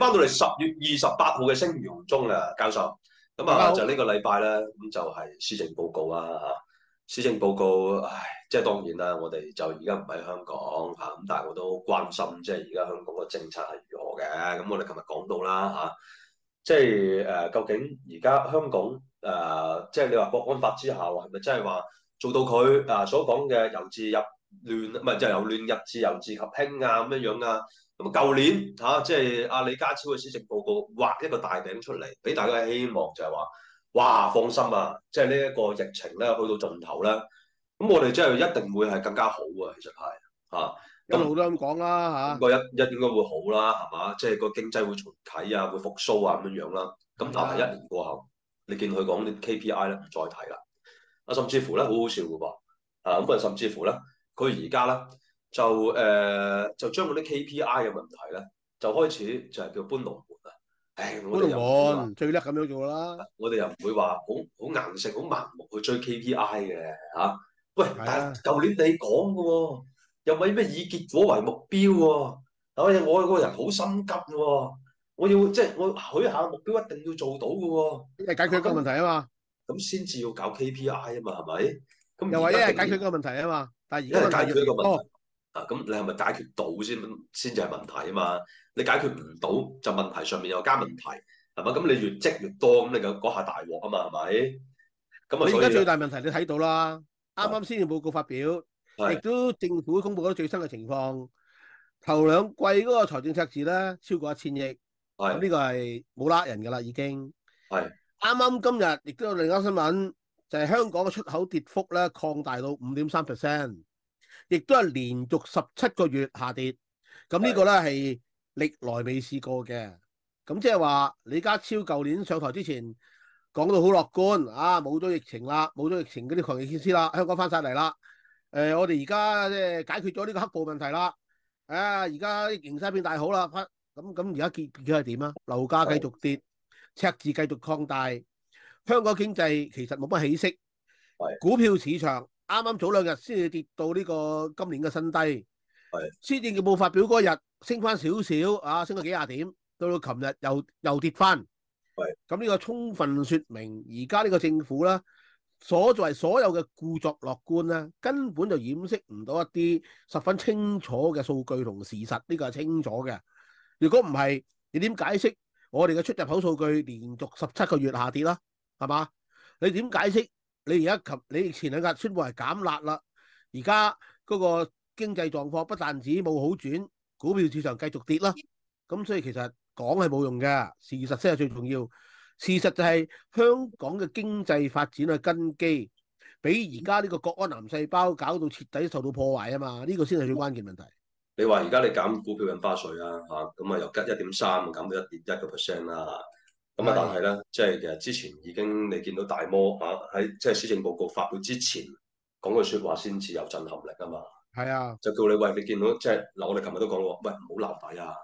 翻到嚟十月二十八號嘅聲如洪鍾啊，教授。咁啊，好就個禮呢個禮拜咧，咁就係、是、施政報告啊。施政報告，唉，即係當然啦。我哋就而家唔喺香港嚇，咁、啊、但係我都關心，即係而家香港個政策係如何嘅。咁我哋琴日講到啦嚇、啊，即係誒、呃、究竟而家香港誒、呃，即係你話國安法之後係咪真係話做到佢誒、呃、所講嘅由治入亂，唔係就是、由亂入治，由治及興啊咁樣樣啊？咁啊，舊年嚇，即係阿李家超嘅施政報告畫一個大餅出嚟，俾大家嘅希望就係話：哇，放心啊！即係呢一個疫情咧，去到盡頭啦。咁我哋真係一定會係更加好嘅。其實係嚇，啊、一路都咁講啦嚇，個一一應該會好啦，係嘛？即係個經濟會重啓啊，會復甦啊咁樣樣啦。咁但係一年過後，的你見佢講啲 KPI 咧唔再提啦，啊，甚至乎咧好好笑嘅噃啊，咁啊，甚至乎咧，佢而家咧。就誒、呃，就將嗰啲 KPI 嘅問題咧，就開始就係叫搬龍門啊！唉、哎，我搬龍門最叻咁樣做啦。我哋又唔會話好好硬性、好盲目去追 KPI 嘅吓、啊。喂，但係舊年你講嘅，又為咩以結果為目標？係我個人好心急嘅，我要即係、就是、我許下目標一定要做到嘅。你解決個問題啊就嘛，咁先至要搞 KPI 啊嘛，係咪？又話一係解決個問題啊嘛，但係而家因為解決個問題、哦啊，咁你係咪解決到先先至係問題啊嘛？你解決唔到就問題上面又加問題，係嘛？咁你越積越多，咁你就講下大鑊啊嘛？係咪？咁啊，你而家最大問題你睇到啦，啱啱先至報告發表，亦都政府公布咗最新嘅情況，頭兩季嗰個財政赤字咧超過一千億，咁呢個係冇呃人噶啦，已經係啱啱今日亦都有另一個新聞，就係香港嘅出口跌幅咧擴大到五點三 percent。亦都係連續十七個月下跌，咁呢個咧係歷來未試過嘅。咁即係話李家超舊年上台之前講到好樂觀，啊，冇咗疫情啦，冇咗疫情嗰啲強硬措施啦，香港翻晒嚟啦。誒、啊，我哋而家即係解決咗呢個黑暴問題啦。啊，而家形勢變大好啦，咁咁而家結結果係點啊？樓價繼續跌，赤字繼續擴大，香港經濟其實冇乜起色，股票市場。啱啱早兩日先至跌到呢個今年嘅新低，係的。施政報告發表嗰日升翻少少，啊升咗幾廿點，到到琴日又又跌翻，係的。咁呢個充分説明而家呢個政府啦，所在所有嘅故作樂觀啦，根本就掩飾唔到一啲十分清楚嘅數據同事實，呢、這個係清楚嘅。如果唔係，你點解釋我哋嘅出入口數據連續十七個月下跌啦，係嘛？你點解釋？你而家及你前兩日宣布係減辣啦，而家嗰個經濟狀況不但止冇好轉，股票市場繼續跌啦，咁所以其實講係冇用㗎，事實先係最重要。事實就係香港嘅經濟發展嘅根基，俾而家呢個國安癌細胞搞到徹底受到破壞啊嘛，呢、這個先係最關鍵問題。你話而家你減股票印花稅啊，吓，咁啊又吉一點三，減到一點一個 percent 啦。咁啊！但係咧，即係是的 其實之前已經你見到大摩嚇喺即係施政報告發表之前講句説話先至有震撼力啊嘛。係啊，就叫你喂，你見到即係嗱，我哋琴日都講過，喂唔好留底啊！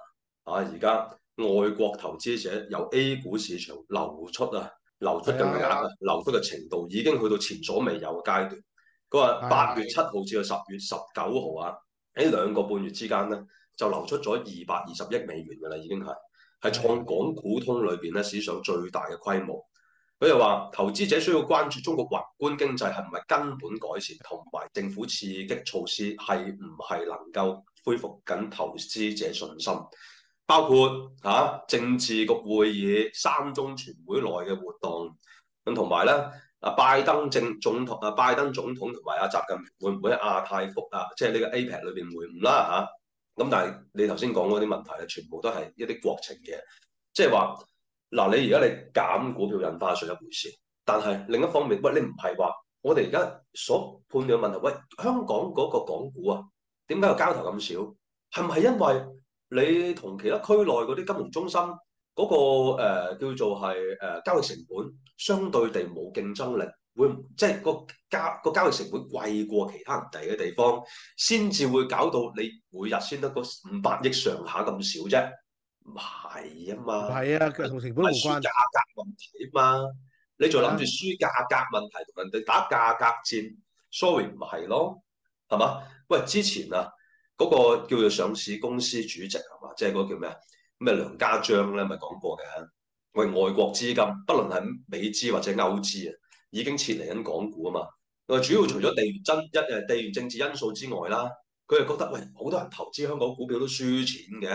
啊，而家外國投資者由 A 股市場流出啊，流出嘅額是的 流出嘅程度已經去到前所未有嘅階段。佢話八月七號至到十月十九號啊，喺是的 兩個半月之間咧，就流出咗二百二十億美元㗎啦，已經係。係創港股通裏邊咧史上最大嘅規模。佢又話投資者需要關注中國宏觀經濟係唔係根本改善，同埋政府刺激措施係唔係能夠恢復緊投資者信心。包括嚇、啊、政治局會議、三中全會內嘅活動，咁同埋咧阿拜登政總統，阿拜登總統同埋阿習近平會唔會喺亞太峯啊，即係呢個 APEC 裏邊會唔啦嚇？啊。咁但係你頭先講嗰啲問題咧，全部都係一啲國情嘅，即係話嗱，你而家你減股票印花稅一回事，但係另一方面，喂，你唔係話我哋而家所判斷嘅問題，喂，香港嗰個港股啊，點解個交投咁少？係咪因為你同其他區內嗰啲金融中心嗰個、呃、叫做係誒、呃、交易成本相對地冇競爭力？會即係個交個交易成本貴過其他人哋嘅地方，先至會搞到你每日先得五百億上下咁少啫。唔係啊嘛，係啊，佢同成本唔關，輸價格問題啊嘛。你仲諗住輸價格問題同人哋打價格戰？Sorry，唔係咯，係嘛？喂，之前啊，嗰個叫做上市公司主席啊嘛，即係嗰個叫咩啊？咁梁家章咧咪講過嘅？喂，外國資金，不論係美資或者歐資啊。已經撤離緊港股啊嘛，佢話主要除咗地緣爭一誒地緣政治因素之外啦，佢係覺得，喂，好多人投資香港股票都輸錢嘅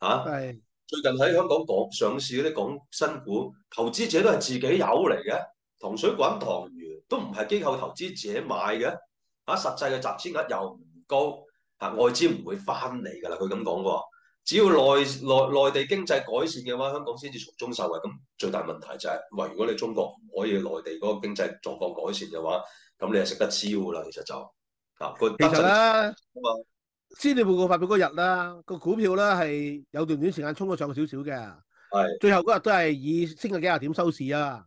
嚇，啊、是最近喺香港港上市嗰啲港新股投資者都係自己友嚟嘅，糖水滾湯圓都唔係機構投資者買嘅嚇、啊，實際嘅集資額又唔高嚇，外資唔會翻嚟㗎啦，佢咁講喎。只要內內內地經濟改善嘅話，香港先至從中受惠。咁最大問題就係、是，喂，如果你中國唔可以內地嗰個經濟狀況改善嘅話，咁你就食得蕉噶啦。其實就嗱、啊、其實啦，吧資料報告發表嗰日啦，個股票啦係有段短時間衝咗上少少嘅，係是最後嗰日都係以升咗幾廿點收市啊。是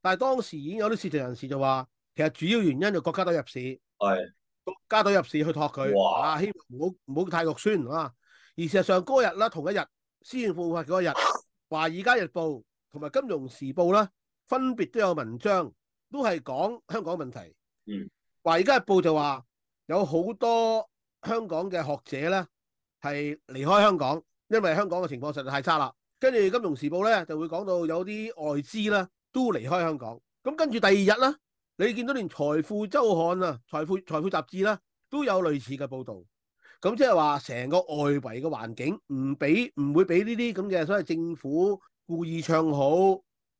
但係當時已經有啲市場人士就話，其實主要原因就國家隊入市，係是國家隊入市去托佢哇，嘩希望唔好唔好太肉酸啊。而事實上，嗰日啦，同一日施政報告嗰日，《華爾街日報》同埋《金融時報》啦，分別都有文章，都係講香港問題。嗯，華爾街日報就話有好多香港嘅學者咧，係離開香港，因為香港嘅情況實在太差啦。跟住《金融時報》咧，就會講到有啲外資啦都離開香港。咁跟住第二日啦，你見到連《財富周刊》啊，《財富財富雜誌》啦，都有類似嘅報導。咁即係話，成個外圍嘅環境唔俾，唔會俾呢啲咁嘅所謂政府故意唱好，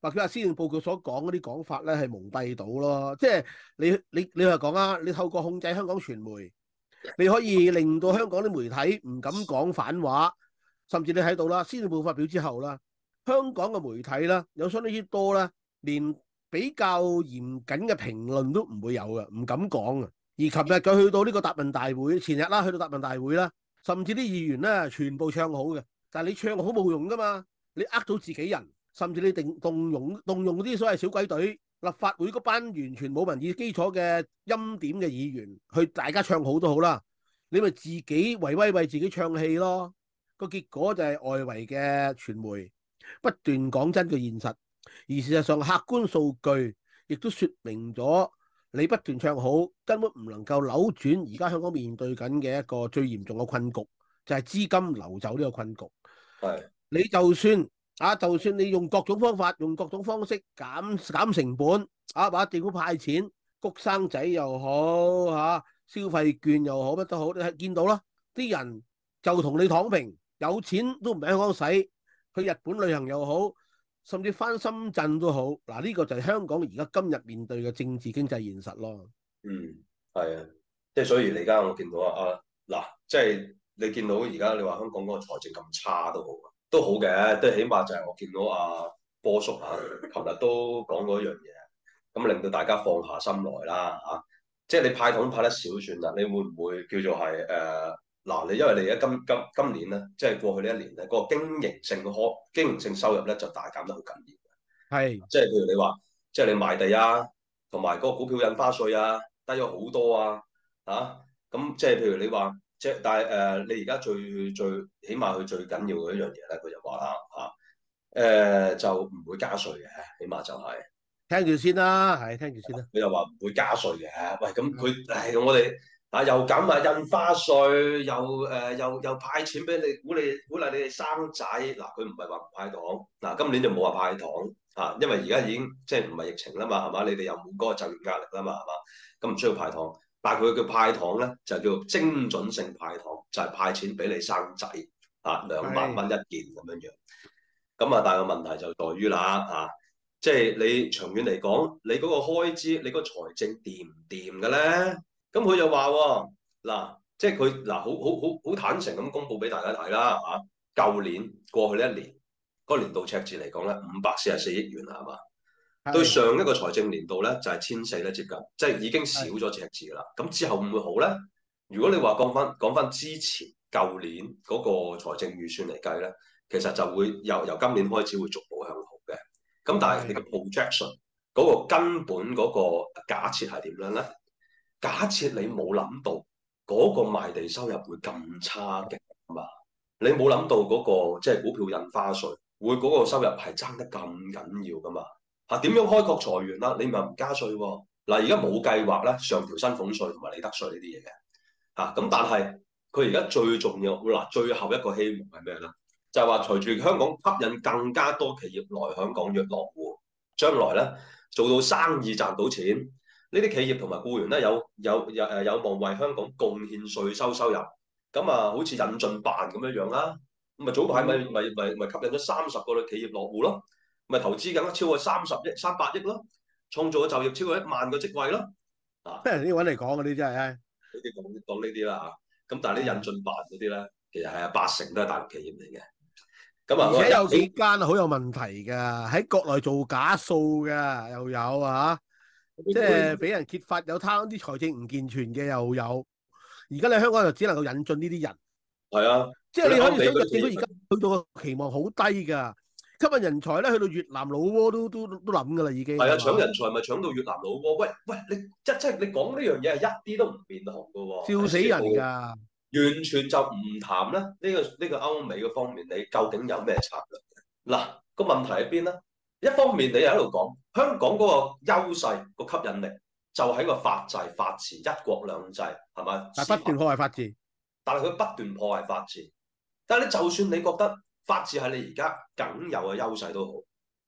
或者話施政報告所講嗰啲講法咧，係蒙蔽到咯。即係你你你話講啊，你透過控制香港傳媒，你可以令到香港啲媒體唔敢講反話，甚至你睇到啦，施政報告發表之後啦，香港嘅媒體啦有相當之多啦，連比較嚴謹嘅評論都唔會有嘅，唔敢講啊！而琴日佢去到呢個答問大會，前日啦，去到答問大會啦，甚至啲議員咧全部唱好嘅，但係你唱好冇用噶嘛，你呃到自己人，甚至你動用動用動用啲所謂小鬼隊立法會嗰班完全冇民意基礎嘅欽點嘅議員去大家唱好都好啦，你咪自己為威為自己唱戲咯，個結果就係外圍嘅傳媒不斷講真個現實，而事實上客觀數據亦都說明咗。你不斷唱好，根本唔能夠扭轉而家香港面對緊嘅一個最嚴重嘅困局，就係、是、資金流走呢個困局。係的你就算啊，就算你用各種方法、用各種方式減減成本，啊，把政府派錢、谷生仔又好嚇、消費券又好乜都好，你見到啦，啲人就同你躺平，有錢都唔喺香港使，去日本旅行又好。甚至返深圳都好，嗱呢、呢個就係香港而家今日面對嘅政治經濟現實咯。嗯，係啊，即係所以而家我見到啊啊，嗱，即係你見到而家你話香港嗰個財政咁差都好，都好嘅，即都起碼就係我見到阿、啊、波叔啊，琴日都講嗰樣嘢，咁、嗯、令到大家放下心來啦嚇、啊，即係你派糖派得少算啦，你會唔會叫做係誒？呃嗱，你因為你而家今今今年咧，即係過去呢一年咧，個經營性可經營性收入咧就大減得好緊要嘅，係是即係譬如你話，即係你賣地啊，同埋個股票印花稅啊，低咗好多啊，嚇、啊、咁即係譬如你話，即係但係誒、呃，你而家最最起碼佢最緊要嘅一樣嘢咧，佢就話啦嚇誒就唔會加稅嘅，起碼就係、是、聽住先啦，係聽住先啦。佢就話唔會加稅嘅，喂咁佢係我哋。 啊！又減啊印花稅，又誒，又又派錢俾你鼓勵，鼓勵你哋生仔。嗱，佢唔係話唔派糖，嗱、啊，今年就冇話派糖嚇、啊，因為而家已經即係唔係疫情啦嘛，係嘛？你哋又冇嗰個就業壓力啦嘛，係嘛？咁唔需要派糖，但係佢叫派糖咧，就叫精準性派糖，就係、是、派錢俾你生仔嚇、啊，兩萬蚊一件咁樣樣。咁啊，但係個問題就在於啦嚇、啊，即係你長遠嚟講，你嗰個開支，你個財政掂唔掂嘅咧？咁佢就話、哦：嗱、啊，即係佢嗱，好好好好坦誠咁公佈俾大家睇啦嚇。舊、啊、年過去呢一年嗰年度赤字嚟講咧，五百四十四億元啦，係嘛？的對上一個財政年度咧，就係千四咧接近，即係已經少咗赤字啦。咁的之後會唔會好咧？如果你話講翻講翻之前舊年嗰個財政預算嚟計咧，其實就會由由今年開始會逐步向好嘅。咁的但係你個 projection 嗰個根本嗰個假設係點樣咧？假設你冇諗到嗰個賣地收入會咁差嘅嘛，你、那個？你冇諗到嗰個即係股票印花稅會嗰個收入係爭得咁緊要噶嘛？嚇、啊、點樣開拓財源啦？你咪唔加稅喎、啊！嗱、啊，而家冇計劃咧上調薪俸稅同埋利得稅啲嘢嘅嚇。咁、啊、但係佢而家最重要嗱，最後一個希望係咩咧？就係、是、話隨住香港吸引更加多企業來香港入落戶，將來咧做到生意賺到錢。呢啲企業同埋僱員咧，有有有誒有望為香港貢獻稅收收入，咁啊好似引進辦咁樣樣啦，咁啊早排咪咪咪咪吸引咗三十個企業落戶咯，咪投資咁啊超過三十億三百億咯，創造咗就業超過一萬個職位咯，啊人哋揾嚟講嘅呢啲真係，好似講講呢啲啦嚇，咁但係啲引進辦嗰啲咧，其實係啊八成都係大陸企業嚟嘅，咁啊而且有幾間好有問題㗎，喺國內做假數㗎又有啊。即係俾人揭發，有貪啲財政唔健全嘅又有。而家你香港就只能夠引進呢啲人，係啊，即係你可以想像政府而家去到期望好低㗎。吸引人才咧，去到越南老撾都都都諗㗎啦，已經係啊，吧搶人才咪搶到越南老撾？喂喂，你即即係你講呢樣嘢係一啲都唔變通㗎喎，笑死人㗎！完全就唔談啦，呢個呢個歐美嘅方面，你究竟有咩策略？嗱個問題喺邊咧？一方面你又喺度講香港嗰個優勢、嗰個吸引力就喺、是、個法制法治一國兩制係咪？不斷，不斷破壞法治，但係佢不斷破壞法治。但係你就算你覺得法治係你而家僅有嘅優勢都好，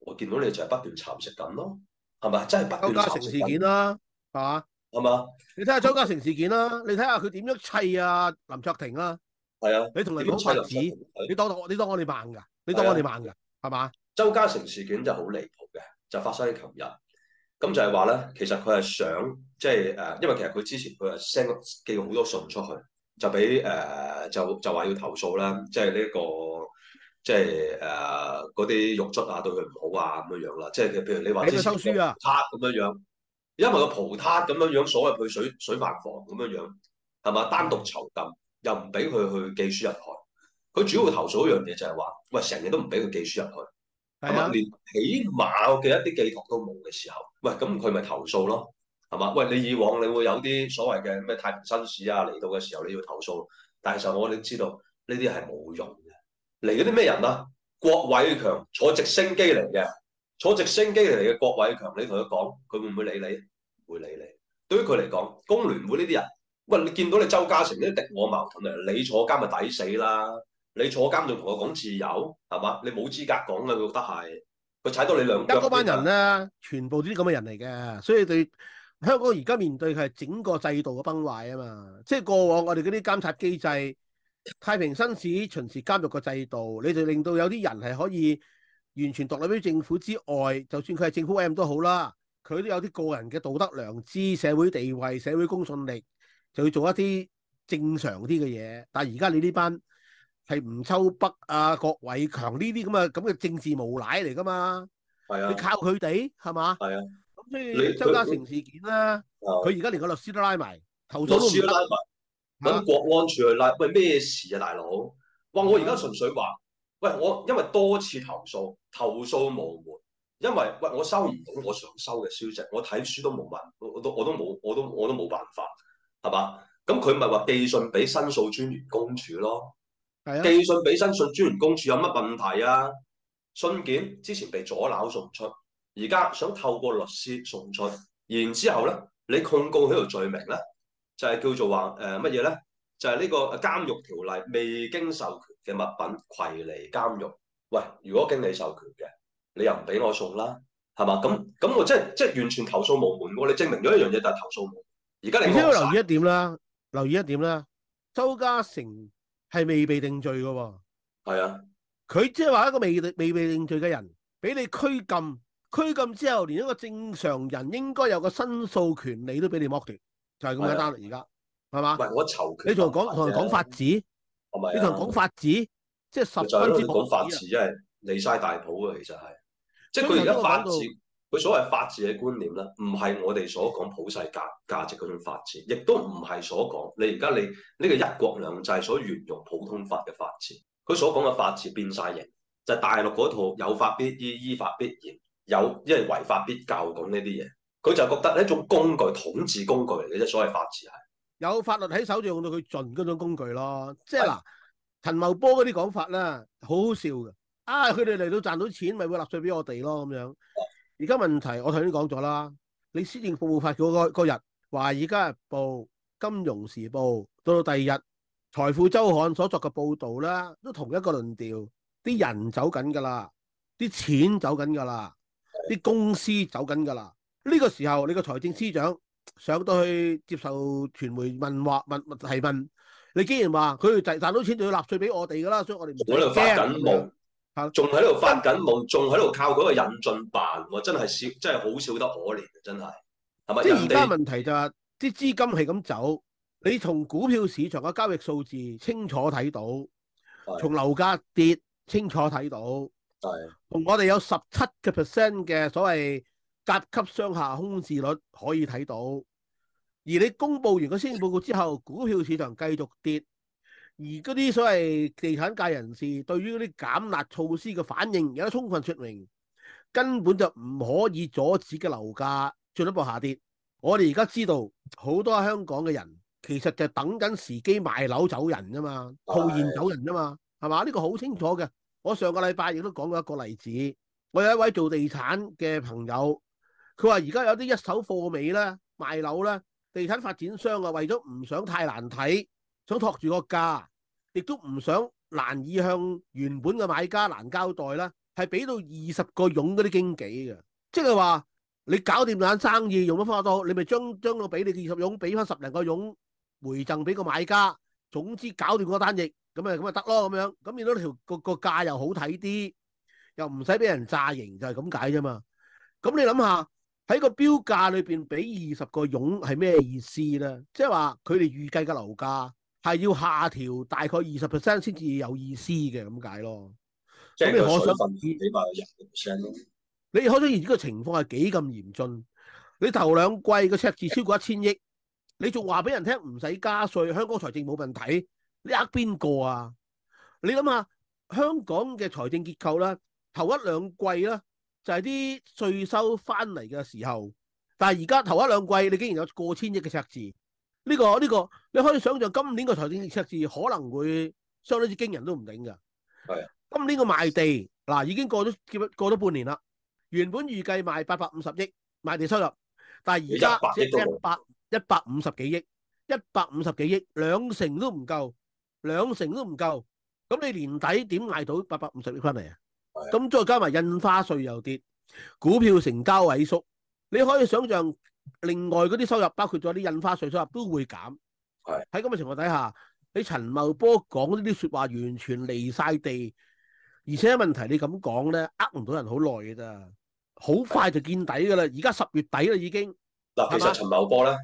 我見到你就係不斷蠶食緊咯，係咪？真係不斷。鄒家成事件啦、啊，係嘛？係嘛吧？你睇下鄒家成事件啦、啊，你睇下佢點樣砌啊林卓廷啦，係啊，啊你同人講法治、啊啊你，你當我你當我哋盲㗎，你當我哋盲㗎，係嘛？周家成事件就好離譜嘅，就發生喺琴日。咁就係話咧，其實佢係想即係誒，因為其實佢之前佢係 send 寄好多信出去，就俾誒、呃、就就話要投訴啦，即係呢個即係誒嗰啲獄卒啊對佢唔好啊咁樣樣啦。即係譬如你話，即係收書啊，㗋咁樣樣，因為個蒲㗋咁樣樣鎖入去水水飯房咁樣樣，係嘛？單獨囚禁，又唔俾佢去寄書入去。佢主要投訴一樣嘢就係話，喂，成日都唔俾佢寄書入去。係嘛，連起碼嘅一啲寄託都冇嘅時候，喂，咁佢咪投訴咯，係嘛？喂，你以往你會有啲所謂嘅咩太平紳士啊嚟到嘅時候，你要投訴，但係其實我哋知道呢啲係冇用嘅。嚟嗰啲咩人啊？郭偉強坐直升機嚟嘅，坐直升機嚟嘅郭偉強，你同佢講，佢會唔會理你？會理你？對於佢嚟講，工聯會呢啲人，喂，你見到你周家成都敵我矛盾啊，你坐監咪抵死啦。你坐監仲同佢講自由係嘛？你冇資格講啊！覺得係佢踩到你兩腳嗰班人咧，全部啲咁嘅人嚟嘅，所以對香港而家面對嘅係整個制度嘅崩壞啊嘛！即係過往我哋嗰啲監察機制、太平紳士巡視監獄嘅制度，你就令到有啲人係可以完全獨立於政府之外，就算佢係政府 M 都好啦，佢都有啲個人嘅道德良知、社會地位、社會公信力，就要做一啲正常啲嘅嘢。但係而家你呢班？係吳秋北啊，郭偉強呢啲咁啊，咁嘅政治無賴嚟噶嘛？係啊，你靠佢哋係嘛？係啊，咁所以周家成事件啦、啊，佢而家連個律師都拉埋，投訴都拉埋，揾國安處去拉、啊、喂咩事啊？大佬，哇！我而家純粹話喂，我因為多次投訴投訴無門，因為喂我收唔到我想收嘅消息，我睇書都冇問，我都我都我都冇我都我都冇辦法係嘛？咁佢咪話寄信俾申訴專員公署咯？啊、寄信俾申訴專員公署有乜問題啊？信件之前被阻撓送出，而家想透過律師送出，然之後咧，你控告喺度罪名咧，就係、是、叫做話誒乜嘢咧？就係、是、呢個監獄條例未經授權嘅物品攜離監獄。喂，如果經你授權嘅，你又唔俾我送啦，係嘛？咁咁我即係即係完全投訴無門。你證明咗一樣嘢，就係投訴冇門。而家你要留意一點啦，留意一點啦，周家成。係未被定罪嘅喎。係啊，佢即係話一個未未被定罪嘅人，俾你拘禁，拘禁之後，連一個正常人應該有個申訴權利都俾你剝奪，就係咁簡單。而家係嘛？係吧我仇佢，你仲講同人講法治？咪、啊？你同人講法治？即係十分之冇。講法治，因為離晒大譜嘅，其實係，即係佢而家法佢所謂法治嘅觀念咧，唔係我哋所講普世價價值嗰種法治，亦都唔係所講你而家你呢個一國兩制所沿用普通法嘅法治。佢所講嘅法治變晒形，就係、是、大陸嗰套有法必依、依法必嚴、有因為違法必究噉呢啲嘢。佢就覺得係一種工具統治工具嚟嘅啫。所謂法治係有法律喺手上就用到佢盡嗰種工具咯，即係嗱是、呃，陳茂波嗰啲講法啦，好好笑㗎。啊，佢哋嚟到賺到錢，咪會納稅俾我哋咯咁樣。而家問題，我頭先講咗啦。你施政服務發稿嗰日，華爾街日報、金融時報，到到第二日，財富周刊所作嘅報導呢，都同一個論調。啲人走緊㗎啦，啲錢走緊㗎啦，啲公司走緊㗎啦。呢個時候，你個財政司長上到去接受傳媒問話問，問，提問，你既然話佢哋賺到錢就要納稅俾我哋㗎啦，所以我哋冇會發仲喺度發緊夢，仲喺度靠嗰個引進辦，真係少，真係好少得可憐，真係，係咪？即係而家問題就係啲資金係咁走，你從股票市場嘅交易數字清楚睇到，從樓價跌清楚睇到，同的我哋有十七個 percent 嘅所謂甲級商廈空置率可以睇到，而你公布完個先報告之後，股票市場繼續跌。而嗰啲所謂地產界人士對於嗰啲減壓措施嘅反應有得充分説明，根本就唔可以阻止嘅樓價進一步下跌。我哋而家知道好多香港嘅人其實就等緊時機賣樓走人啫嘛，套現走人啫嘛，係嘛？呢、呢個好清楚嘅。我上個禮拜亦都講過一個例子，我有一位做地產嘅朋友，佢話而家有啲一,一手貨尾啦，賣樓啦，地產發展商啊，為咗唔想太難睇。想托住個價，亦都唔想難以向原本嘅買家難交代啦。係俾到二十個佣嗰啲經紀嘅，即係話你搞掂單生意，用咗方法多你都你咪將將個俾你二十佣，俾翻十零個佣回贈俾個買家。總之搞掂個單亦咁咪咁啊得咯咁樣，咁變咗條個個，個價又好睇啲，又唔使俾人詐型，就係、是、咁解啫嘛。咁你諗下喺個標價裏邊俾二十個佣係咩意思啦？即係話佢哋預計嘅樓價。係要下調大概二十 percent 先至有意思嘅咁解咯。咁你可想而知，你可想而知呢個情況係幾咁嚴峻？你頭兩季嘅赤字超過一千億，你仲話俾人聽唔使加稅，香港財政冇問題，你呃邊個啊？你諗下香港嘅財政結構啦，頭一兩季啦就係啲稅收翻嚟嘅時候，但係而家頭一兩季你竟然有過千億嘅赤字。呢個呢個，你可以想象今年個財政赤字可能會相當之驚人都唔頂㗎。係的啊，今年個賣地嗱已經過咗過咗半年啦。原本預計賣八百五十億賣地收入，但係而家一百一百五十幾億，一百五十幾億兩成都唔夠，兩成都唔夠。咁你年底點賣到八百五十億翻嚟啊？咁的再加埋印花稅又跌，股票成交萎縮，你可以想象。另外嗰啲收入，包括咗啲印花稅收入，都會減。係喺咁嘅情況底下，你陳茂波講呢啲說話完全離晒地，而且問題你咁講咧，呃唔到人好耐嘅啫，好快就見底噶啦。而家的十月底啦已經。嗱，其實陳茂波咧，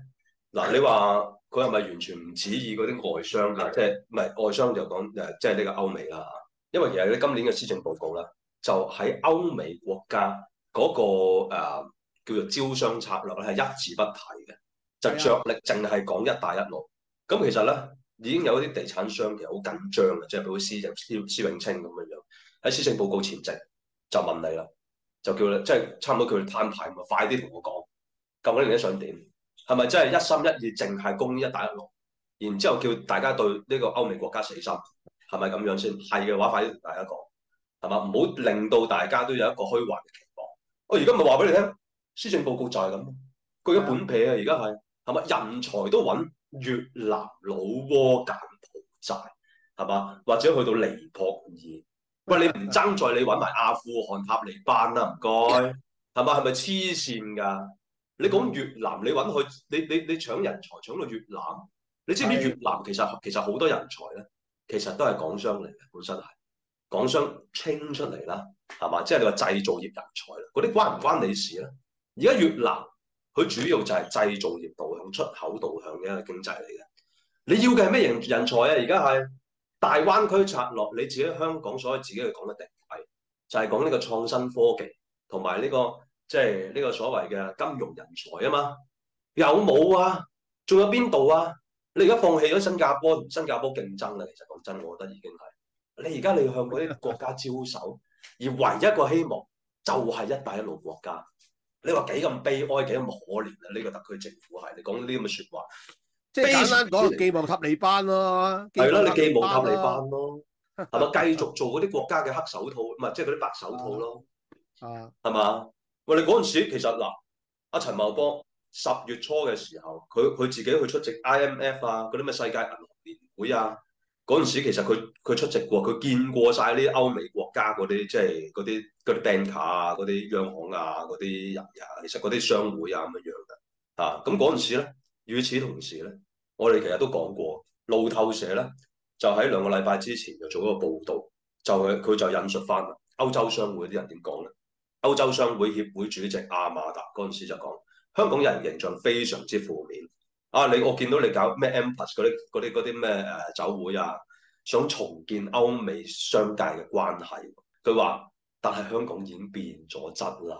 嗱的你話佢係咪完全唔似意嗰啲外商？嗱的，即係唔係外商就講誒，即係呢個歐美啦。因為其實咧，今年嘅施政報告咧，就喺歐美國家嗰、那個誒。呃叫做招商策略咧，係一字不提嘅，的就着力淨係講一帶一路。咁其實咧，已經有啲地產商其實好緊張嘅，即係佢司任司施永青咁樣樣喺施政報告前夕就問你啦，就叫你即係差唔多叫你攤牌，咪快啲同我講，究竟你想點？係咪真係一心一意淨係攻一帶一路？然之後叫大家對呢個歐美國家死心，係咪咁樣先係嘅話？快啲同大家講係嘛，唔好令到大家都有一個虛幻嘅期望。我而家咪話俾你聽。施政報告就係咁，佢一本皮啊！而家係係嘛，人才都揾越南老撾柬埔寨係嘛，或者去到尼泊爾，喂，你唔爭在你揾埋阿富汗塔利班啦，唔該係嘛，係咪黐線㗎？你講越南你揾佢你你你，你搶人才搶到越南，你知唔知越南其實其實好多人才咧，其實都係港商嚟嘅本身係港商清出嚟啦係嘛，即係你話製造業人才嗰啲關唔關你事咧？而家越南佢主要就係製造業導向、出口導向嘅一個經濟嚟嘅。你要嘅係咩人人才啊？而家係大灣區拆落，你自己香港所謂自己去講嘅定位，就係講呢個創新科技同埋呢個即係呢個所謂嘅金融人才啊嘛。有冇啊？仲有邊度啊？你而家放棄咗新加坡，同新加坡競爭啦。其實講真，我覺得已經係你而家你要向嗰啲國家招手，而唯一個希望就係一帶一路國家。你話幾咁悲哀，幾咁可憐啊！呢個特區政府係你講呢啲咁嘅說話，即係簡單講，哲寄望塔利班咯，啊，係咯，啊，你寄望塔利班咯，啊，係咪繼續做嗰啲國家嘅黑手套，唔係即係嗰啲白手套咯，係啊， 係嘛？喂，你嗰陣時其實嗱，阿陳茂波十月初嘅時候，佢佢自己去出席 IMF 啊，嗰啲咩世界銀行年會啊。嗰陣時其實佢佢出席過，佢見過晒啲歐美國家嗰啲即係嗰啲嗰啲 banker 啊、嗰啲央行啊、嗰啲人啊，其實嗰啲商會等等啊咁樣噶嚇。咁嗰陣時咧，與此同時咧，我哋其實都講過，路透社咧就喺兩個禮拜之前就做一個報導，就係佢就引述翻歐洲商會啲人點講咧。歐洲商會協會主席亞馬達嗰陣時就講：香港人形象非常之負面。啊！你我見到你搞咩 AmCham 嗰啲嗰啲嗰啲咩誒酒會啊，想重建歐美商界嘅關係、啊。佢話：但係香港已經變咗質啦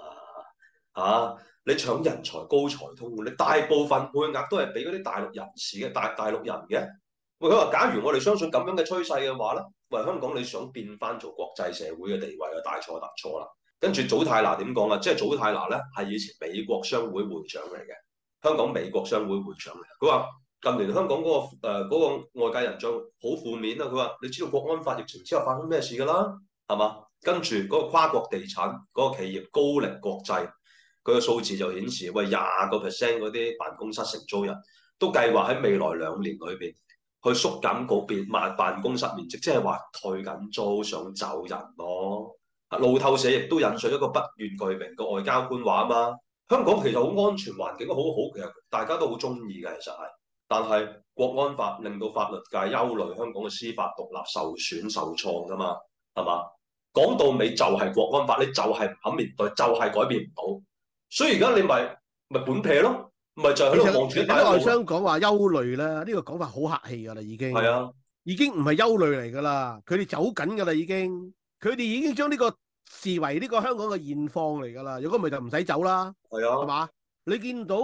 嚇！你搶人才高才通，你大部分配額都係俾嗰啲大陸人士嘅大大陸人嘅。喂，佢話：假如我哋相信咁樣嘅趨勢嘅話咧，喂，香港你想變翻做國際社會嘅地位啊，大錯特錯啦！跟住祖泰拿點講啊？即係祖泰拿咧，係以前美國商會會,會長嚟嘅。香港美國商會會長嚟，佢話近年香港嗰、嗰個誒、呃嗰個、外界人像好負面啦。佢話你知道國安法疫情之後發生咩事㗎啦，係嘛？跟住嗰個跨國地產嗰個企業高瓴國際，佢個數字就顯示喂廿個 percent 嗰啲辦公室承租人都計劃喺未來兩年裏邊去縮減嗰邊辦辦公室面積，即係話退緊租想走人咯、啊。路透社亦都引述一個不願具名嘅外交官話啊嘛。香港其實好安全，環境好好，其實大家都好中意嘅，其實係。但係國安法令到法律界憂慮，香港嘅司法獨立受損受創噶嘛，係嘛？講到尾就係國安法，你就係唔肯面對，就係改變唔到。所以而家你咪咪本撇咯，咪就喺度望住啲外商講話憂慮啦。呢個講法好客氣噶啦，已經係啊，已經唔係憂慮嚟噶啦，佢哋走緊噶啦，已經，佢哋已經將呢個。視為呢個香港嘅現況嚟噶啦，如果唔係就唔使走啦。係啊，係嘛？你見到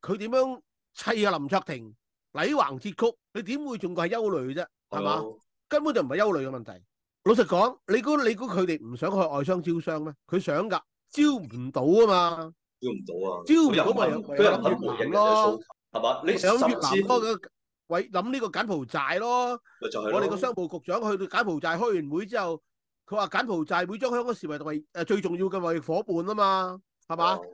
佢點樣砌阿林卓廷、李華、謝曲，你點會仲講係憂慮嘅啫？係嘛？根本就唔係憂慮嘅問題。老實講，你估你估佢哋唔想去外商招商咩？佢想噶，招唔到啊嘛。招唔到啊，招唔到咪佢又肯回應咯？係嘛？你想越南開個喂諗呢個柬埔寨咯？就係我哋個商務局長去到柬埔寨開完會之後。佢話柬埔寨會將香港視為為誒最重要嘅為伙伴啊嘛，係嘛？Oh.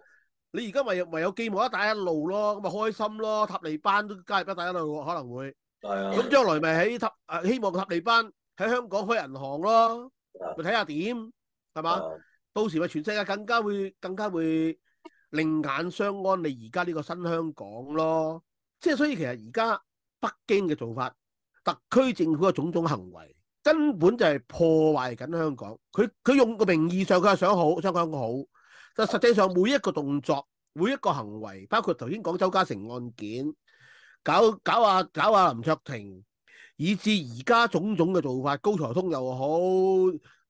你而家唯咪有寄望一帶一路咯，咁咪開心咯。塔利班都加入一帶一路喎，可能會。係啊。咁將來咪喺塔希望塔利班喺香港開銀行咯，咪睇下點，係嘛？Oh. 到時咪全世界更加會更加會另眼相看你而家呢個新香港咯。即係所以其實而家北京嘅做法，特區政府嘅種種行為，根本就係破壞緊香港，佢佢用個名義上佢係想好想香港好，但實際上每一個動作、每一個行為，包括頭先講周家成案件，搞搞下、啊、搞啊林卓廷，以至而家種種嘅做法，高才通又好，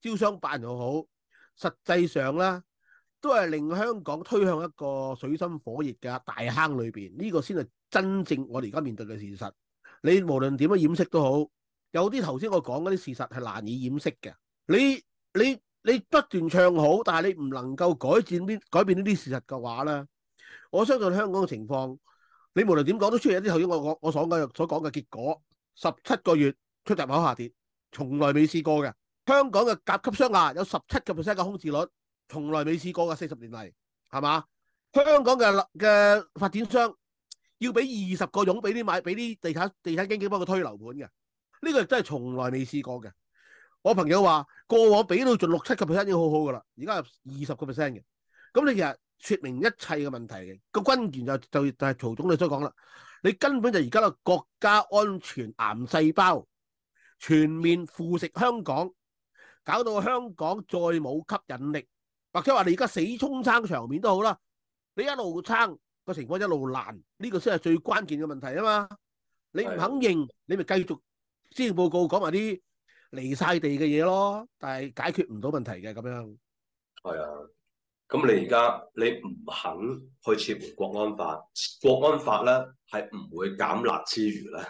招商辦又好，實際上咧都係令香港推向一個水深火熱嘅大坑裏邊，呢、呢個先係真正我哋而家面對嘅事實。你無論點樣掩飾都好。有啲頭先我講嗰啲事實係難以掩飾嘅。你你你不斷唱好，但係你唔能夠改變啲改變呢啲事實嘅話咧，我相信香港嘅情況，你無論點講都出現一啲頭先我講我所講嘅所講嘅結果。十七個月出入口下跌，從來未試過嘅。香港嘅甲級商額有十七個 percent 嘅空置率，從來未試過嘅四十年嚟，係嘛？香港嘅嘅發展商要俾二十個佣俾啲買俾啲地產地產經紀幫佢推樓盤嘅。呢個亦都係從來未試過嘅。我朋友話過往比到盡六七個 percent 已經好好嘅啦，而家二十個 percent 嘅咁，你其實說明一切嘅問題、個根源就就就係、是、曹總你所講啦。你根本就而家個國家安全癌細胞全面腐蝕香港，搞到香港再冇吸引力，或者話你而家死衝撐場面都好啦，你一路撐個情況一路爛，呢、這個先係最關鍵嘅問題啊嘛！你唔肯認，你咪繼續。施政報告講埋啲離晒地嘅嘢咯，但係解決唔到問題嘅咁樣。係啊，咁你而家你唔肯去撤回國安法，國安法咧係唔會減辣之餘咧，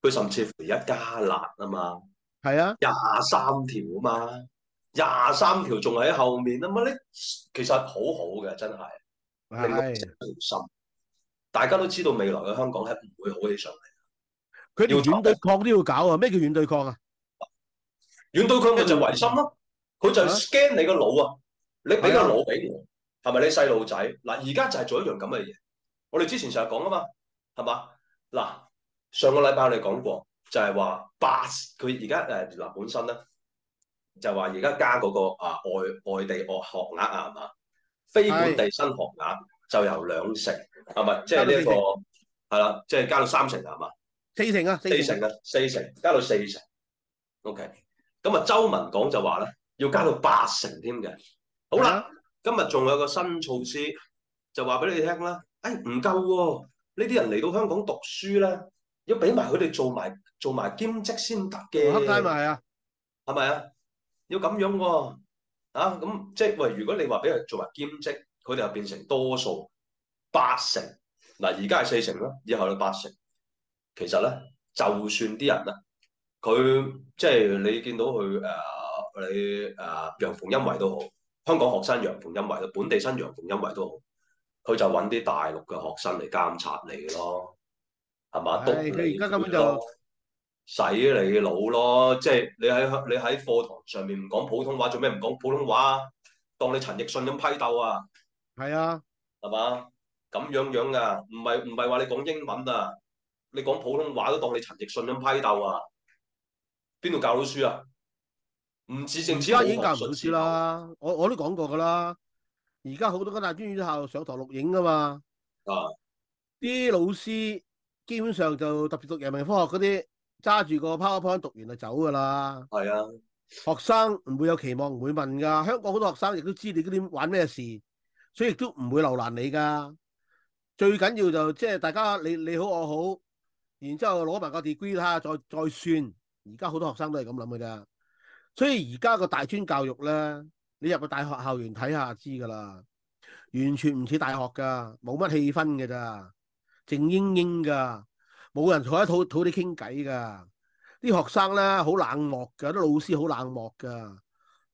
佢甚至乎而家加辣啊嘛。係啊，廿三條啊嘛，廿三條仲喺後面啊嘛，你其實好好嘅真係，令到是人心。大家都知道未來嘅香港係唔會好起上嚟。佢條軟對抗都要搞啊！咩叫軟對抗啊？軟對抗佢就遺心咯、啊，佢就 scan 你個腦啊！啊你俾個腦俾我，係咪？你細路仔嗱，而家就係做一樣咁嘅嘢。我哋之前成日講啊嘛，係嘛？嗱，上個禮拜我哋講過就係話八，佢而家誒嗱本身咧就話而家加嗰個啊外外地學學額啊嘛，非本地生學額就由兩成啊，係咪？即係呢一個係啦，即係即係加到三成啊嘛。四成啊，四成啊，四成加到四成，OK。咁啊，周文港就話啦，要加到八成添嘅。好啦，啊、今日仲有個新措施，就話俾你聽啦。哎，唔夠喎，呢啲人嚟到香港讀書啦，要俾埋佢哋做埋做埋兼職先得嘅。係咪啊，係咪啊？要咁樣喎，啊咁即係喂，如果你話俾佢做埋兼職，佢哋又變成多數八成。嗱，而家係四成啦，以後就八成。其實咧，就算啲人咧，佢即係你見到佢誒、呃，你誒陽奉陰違都好，香港學生陽奉陰違咯，本地生陽奉陰違都好，佢就揾啲大陸嘅學生嚟監察你咯，係嘛？都係而家根本就洗你腦咯，即係你喺你喺課堂上面唔講普通話，做咩唔講普通話啊？當你陳奕迅咁批鬥啊？係啊的，係嘛？咁樣樣㗎，唔係唔係話你講英文啊？你講普通話都當你陳奕迅咁批鬥啊？邊度教到書啊？唔自證此刻已經教唔到書啦。我我都講過噶啦。而家好多間大專院校上堂錄影噶嘛。啲的老師基本上就特別讀人文科學嗰啲，揸住個 PowerPoint 讀完就走噶啦。係啊的，學生唔會有期望，唔會問噶。香港好多學生亦都知你嗰啲玩咩事，所以亦都唔會留難你噶。最緊要就即係大家你你好我好。然之後攞埋個 degree 啦，再再算。而家好多學生都係咁諗噶咋，所以而家個大專教育咧，你入個大學校園睇下知噶啦，完全唔似大學噶，冇乜氣氛噶咋，靜英英噶，冇人坐喺度同你傾偈噶。啲學生咧好冷漠噶，啲老師好冷漠噶。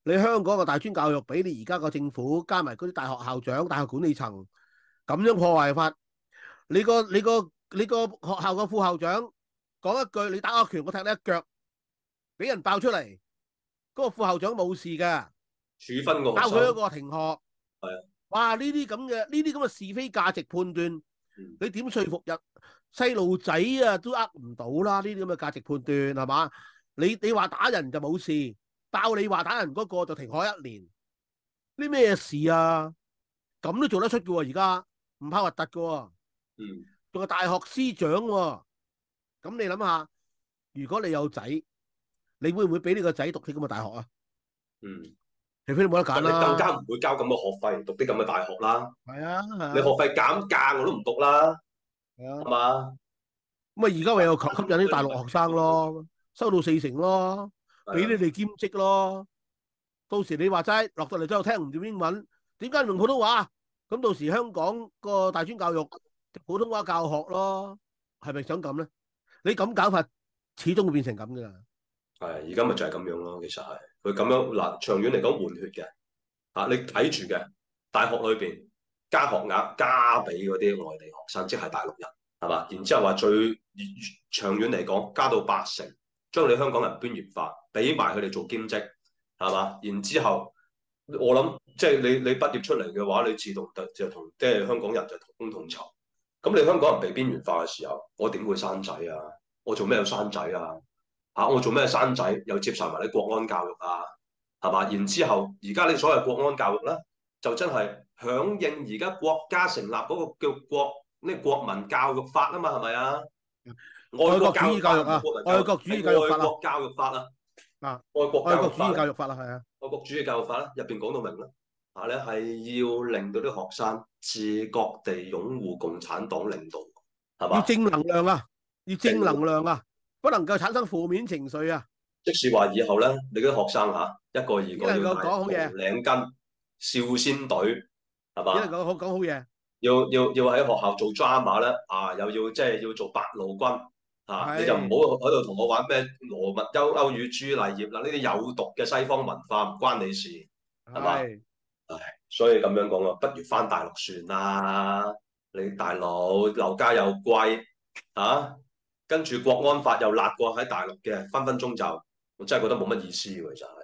你香港個大專教育畀你而家個政府加埋嗰啲大學校長、大學管理層咁樣破壞法，你個你個。你個學校個副校長講一句，你打我一拳，我踢你一腳，俾人爆出嚟，嗰、那個副校長冇事噶，處分個，打佢一個停學，係啊的，哇！呢啲咁嘅呢啲咁嘅是非價值判斷，嗯、你點說服人？細路仔啊，都呃唔到啦。呢啲咁嘅價值判斷係嘛？你你話打人就冇事，爆你話打人嗰個就停學一年，啲咩事啊？咁都做得出嘅、啊，而家唔怕核突嘅，嗯。仲係大學師長喎、啊，咁你諗下，如果你有仔，你會唔會俾你個仔讀啲咁嘅大學啊？嗯，除非冇得揀啦、啊。你更加唔會交咁嘅學費讀啲咁嘅大學啦。係啊，啊你學費減價我都唔讀啦，係啊，係嘛吧？咁啊，而家唯有吸引啲大陸學生咯，收到四成咯，俾你哋兼職咯。啊、到時你話齋落到嚟之後聽唔掂英文，點解你用普通話？咁到時香港個大專教育，普通話教學咯，係咪想咁咧？你咁搞法，始終會變成咁噶。係而家咪就係咁樣咯，其實係佢咁樣嗱，長遠嚟講換血嘅啊。你睇住嘅大學裏邊加學額，加俾嗰啲外地學生，即係大陸人係嘛。然之後話最長遠嚟講加到八成，將你香港人邊緣化，俾埋佢哋做兼職係嘛。然後之後我諗即係你你畢業出嚟嘅話，你自動得就同即係香港人就同工同酬。咁你香港人被邊緣化嘅時候，我點會生仔啊？我做咩要生仔啊？嚇！我做咩生仔？又接受埋啲國安教育啊？係嘛？然之後，而家你所謂國安教育咧，就真係響應而家國家成立嗰個叫國呢國民教育法啊嘛，係咪啊？愛國主義教育啊！愛國主義教育法啦！愛國教育法啊！啊！愛國愛國主義教育法啦，係啊！愛國主義教育法啦，入邊講到明啦。係咧，係、啊、要令到啲學生自覺地擁護共產黨領導，係嘛？要正能量啊，要正能量啊，不能夠產生負面情緒啊。即係話以後咧，你啲學生吓一個二個要講好嘢，領巾、少先隊，係嘛？一個講講好嘢，要要要喺學校做 drama 咧，啊，又要即係要做八路軍，吓、啊、的你就唔好喺度同我玩咩羅密歐、歐與朱麗葉啦，呢啲有毒嘅西方文化唔關你事，係嘛？所以咁樣講啊，不如返大陸算啦！你大佬樓價又貴嚇、啊，跟住國安法又辣過喺大陸嘅，分分鐘就我真係覺得冇乜意思，其實。